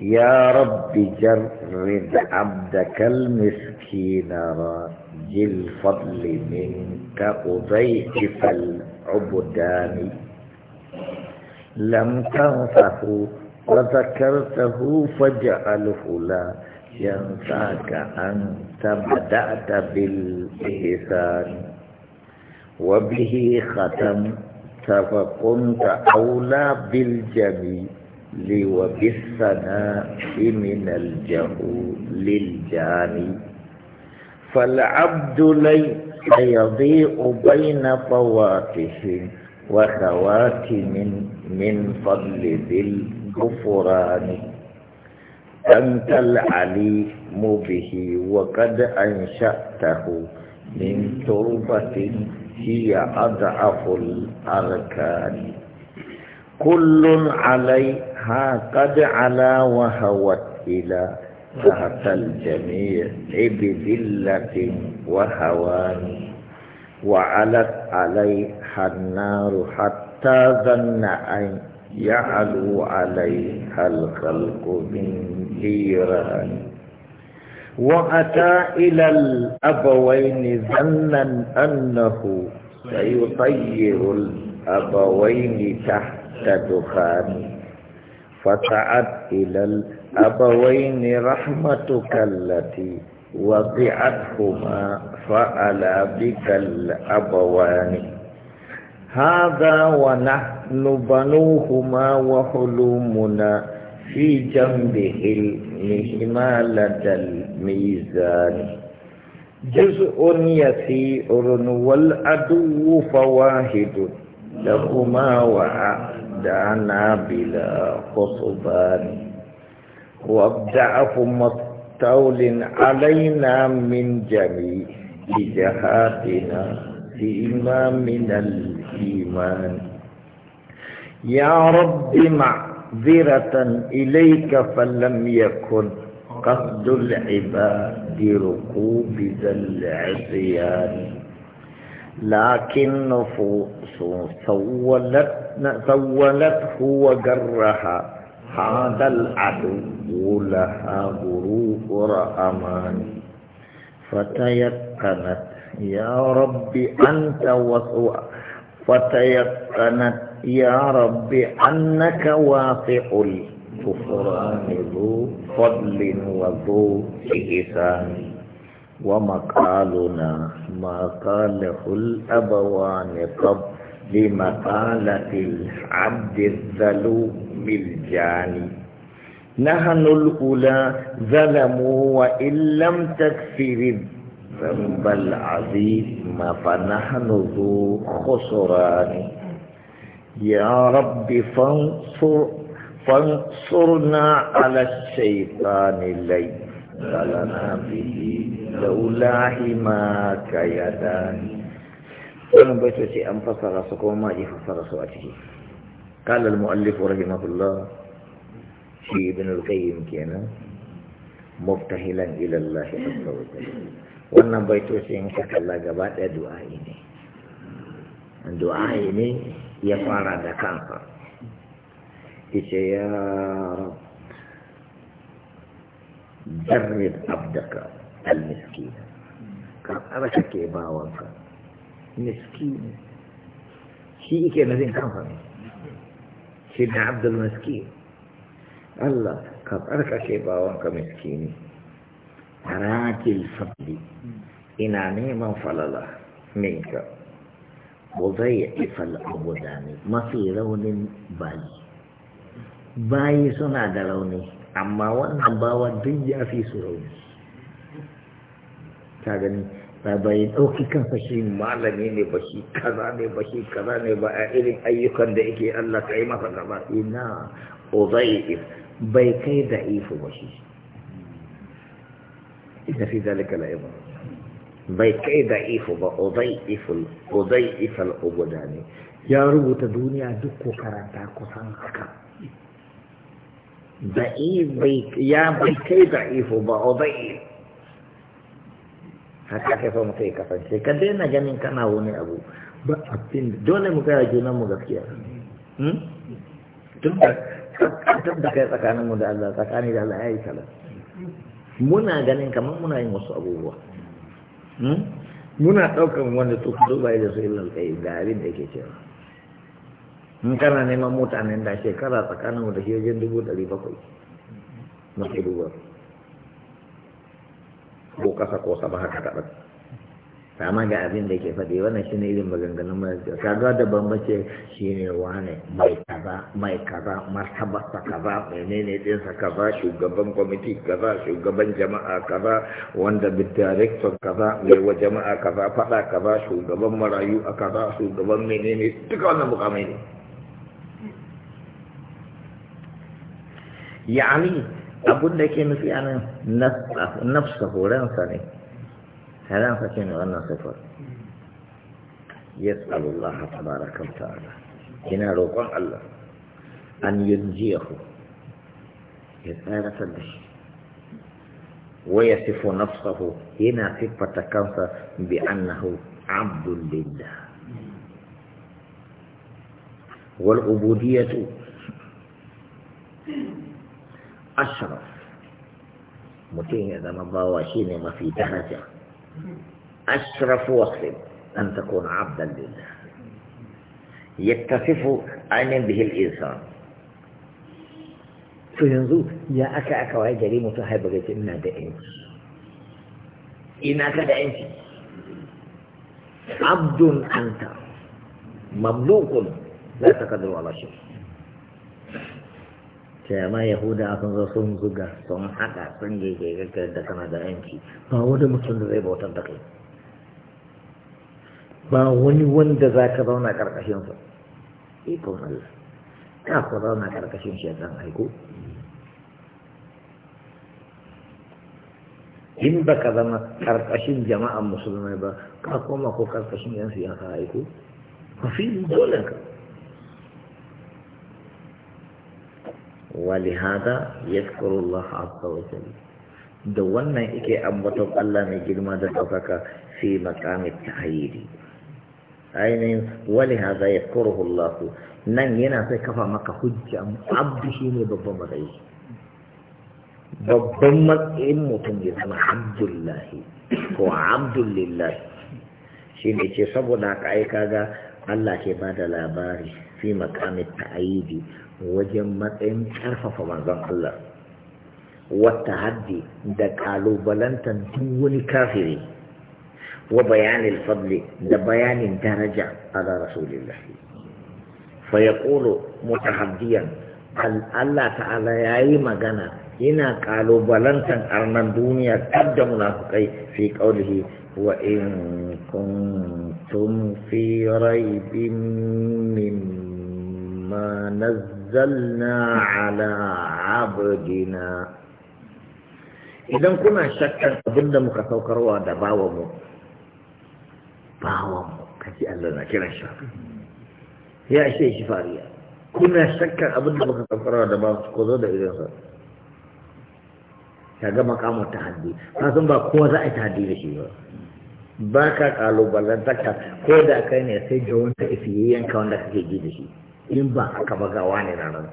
يا رب جرد عبدك المسكين راجي الفضل منك أضيف العبدان لم تنفه وذكرته فاجعله لا ينساك أنت بدأت بالإحسان وبه ختمت فكنت أولى بالجميل لوبالثناء من الجهول الجاني فالعبد ليس يضيء بين فواته وخواتم من فضل ذي الغفران أنت العليم به وقد أنشأته من تربة هي أضعف الأركان كل عليه ها قد علا وهوت إلى تحت الجميع بذلة وهوان وعلت عليها النار حتى ظن أن يعلو عليها الخلق من جيران وأتى إلى الأبوين ظنا أنه سيطير الأبوين تحت دخان فتعد إلى الأبوين رحمتك التي وضعتهما فعلى بك الأبوان هذا ونحن بنوهما وحلومنا في جنبه المهما لدى الميزان جزء يسير والعدو فواهد لهما وعاء ودعنا بلا خصبان وابدعه مستول علينا من جميع جهاتنا فيما من الإيمان يا رب معذرة إليك فلم يكن قصد العباد ركوب ذا العصيان لكن نفوس سولت سولته وجرها هذا العدو لها غروب رأمان فتيقنت يا رب أنت وسوء فتيقنت يا رب أنك واسع الكفران ذو فضل وذو إحسان ومقالنا ما قاله الأبوان قبل لمقالة العبد الظلوم الجاني نهن الأولى ظلموا وإن لم تكفر الذنب العظيم فنحن ذو خسران يا رب فانصر فانصرنا على الشيطان الليل لنا به لولا حماك يدان ولم بيتوسي أن فصل رسكو ما جي فصل رسواته قال المؤلف رحمه الله في ابن القيم كينا مبتهلا إلى الله عز وجل ولم بيتوسي أن شاء الله جبات الدعاء إني الدعاء إني يفعل هذا كنفا يا رب جرد عبدك المسكين كم أبشك إباوانك miskini shi ike nazin kanfa ne shi na abdul miskin Allah ka tsarkake bawanka miskini harakil fadli ina neman falala minka buzai ifal abudani mafi raunin bayi bayi suna da rauni amma wannan bawa duk ya fi su rauni ta gani ba bai ɗauki kansa shi malami ne ba shi kaza ne ba shi kaza ne ba a irin ayyukan da yake Allah ka yi masa gaba ina uzaif bai kai da ifu ba shi ina fi zalika la ibn bai kai da ifu ba uzaiful al ubudani ya rubuta duniya duk ko karanta kusan haka da ya bai kai da ifu ba uzaif haka ake so mutum ya kasance ka daina ganin kana wani abu ba abin dole mu gaya mu gaskiya hmm? tun da tun da kai mu da Allah tsakani da Allah ya yi salat muna ganin kaman muna yin wasu abubuwa hmm? muna daukan wanda to fito bai da sai illal kai ga abin da yake cewa in kana neman mutanen da shekara mu da shi wajen dubu ɗari bakwai masu dubu ko kasa ko sama haka ta ɗan sama ga abin da ke faɗi wannan shi ne irin maganganun mai kaga da bambance shi ne wane mai kaza mai kaza martabarsa kaza menene ɗinsa kaza shugaban kwamiti kaza shugaban jama'a kaza wanda director kaza mai wa jama'a kaza faɗa kaza shugaban marayu a kaza shugaban menene duka wannan mukamai ne ya'ani abun da yake nufi a nan nafsa horonsa ne ransa ke ne wannan sifar yas'alullah tabaraka wa ta'ala yana roƙon Allah an yi yunjiyahu ya tsara da shi wa yasifu nafsahu yana siffata kansa bi annahu abdul lillah wal ubudiyatu أشرف متين إذا ما ضوى ما في درجة أشرف وخرب أن تكون عبدا لله يتصف عن به الإنسان في ينظر يا أكا أكا وهي جريمة هاي بغيت إنا دائنش إنا كدائنش عبد أنت مملوك لا تقدر على شيء ma yahuda sun zo sun zuga sun haɗa sun gege gaggar da kana da yanki ba wani mutum da zai bautar da kai ba wani wanda za ka zauna su ikon Allah ka ku zauna ƙarƙashin shaitan aiko in ba ka zama ƙarƙashin jama'an musulmai ba ka koma ko ƙarƙashin yan siyasa aiko ka fi dole ka ولهذا يذكر الله عز وجل da wannan ike ambaton Allah mai girma da ɗaukaka fi makamin tahiri ainihin wali haza ya kuruhu nan yana sai kafa maka hujja abdu shi ne babban matsayi babban matsayin mutum ya zama abdullahi ko abdullillahi shi ne ce saboda ka aika ga Allah ke ba da labari fi makamin ta'ayidi wajen matsayin ƙarfafa manzon Allah wata haddi da ƙalubalantar duk wani kafiri wa bayanin fadli da bayanin daraja ala rasulillah fa yaqulu mutahaddiyan Allah ta'ala yayi magana yana ƙalubalantar arnan duniya kadda munafukai fi qaulihi wa in kuntum fi raibin mimma nazzal nazzalna على عبدنا idan kuna shakkan abinda muka saukarwa da bawanmu bawanmu kaji Allah na kiran ya ishe shi fariya kuna shakkan abinda muka saukarwa da bawanmu ko zo tahaddi ka san ba kowa za a yi tahaddi da shi ba ba ka kalubalantaka ko da kai ne sai da wanda yanka wanda kake ji da shi in ba aka ba gawa ne ranar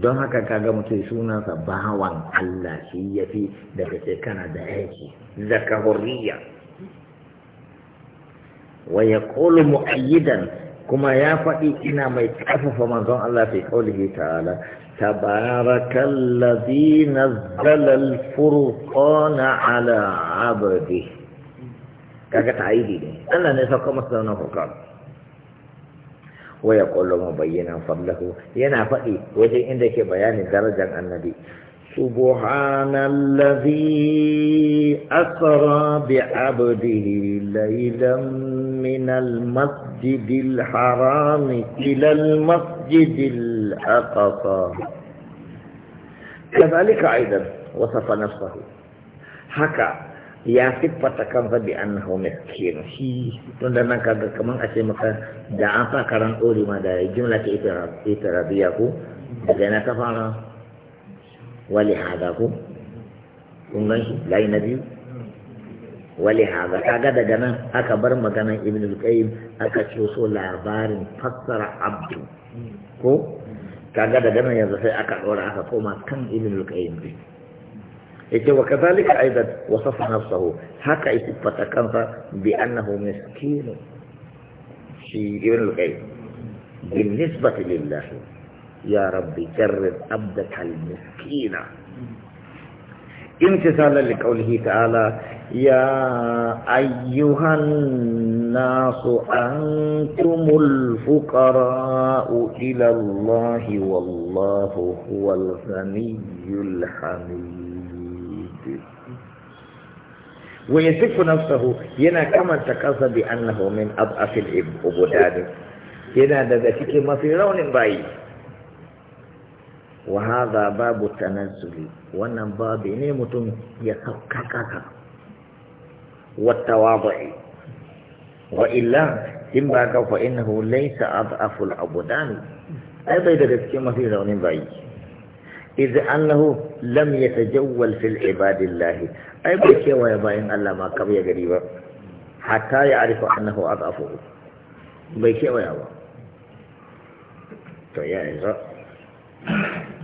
don haka kaga mutum sunansa bawan Allah shi ya fi daga ce kana da aiki zaka horiya. wa ya mu mu'ayyidan kuma ya faɗi ina mai ƙarfafa manzon Allah fi kaulihi ta'ala tabarakallazi na zalal furu ala abdihi kaga ta'idi ne Allah ne sauka masa da wannan furqan wa yaqulu mubayyinan fadlahu yana faɗi wajen inda yake bayanin darajar annabi سبحان الذي أسرى بعبده ليلا من المسجد الحرام إلى المسجد الأقصى كذلك أيضا وصف نفسه حكى ya siffata kansa bi hau miskin shi tun da nan kaga kaman a ce maka da an sa karan dore ma da jumla ta rabiya ku daga na ta fara wali haza ku kun gan shi layi na biyu wali haza kaga daga nan aka bar maganan ibn al-qayyim aka ce so labarin fassara abdu ko kaga daga nan yanzu sai aka ɗora aka koma kan ibn al-qayyim إذا وكذلك أيضا وصف نفسه هكا يصف تكنف بأنه مسكين في ابن القيم بالنسبة لله يا ربي جرب عبدك المسكين امتثالا لقوله تعالى يا أيها الناس أنتم الفقراء إلى الله والله هو الغني الحميد ويصف نفسه ينا كما تكذب بأنه من أضعف العبودات ينا ذلك ما في وهذا باب التنزل وانا باب نعمة يتوككك والتواضع وإلا إن باك فإنه ليس أضعف العبودان أي بيد ذلك ما إذ أنه لم يتجول في العباد الله أي بكي ويبين الله ما قبي قريبا حتى يعرف أنه أضعفه بكي ويبين تو يا إذا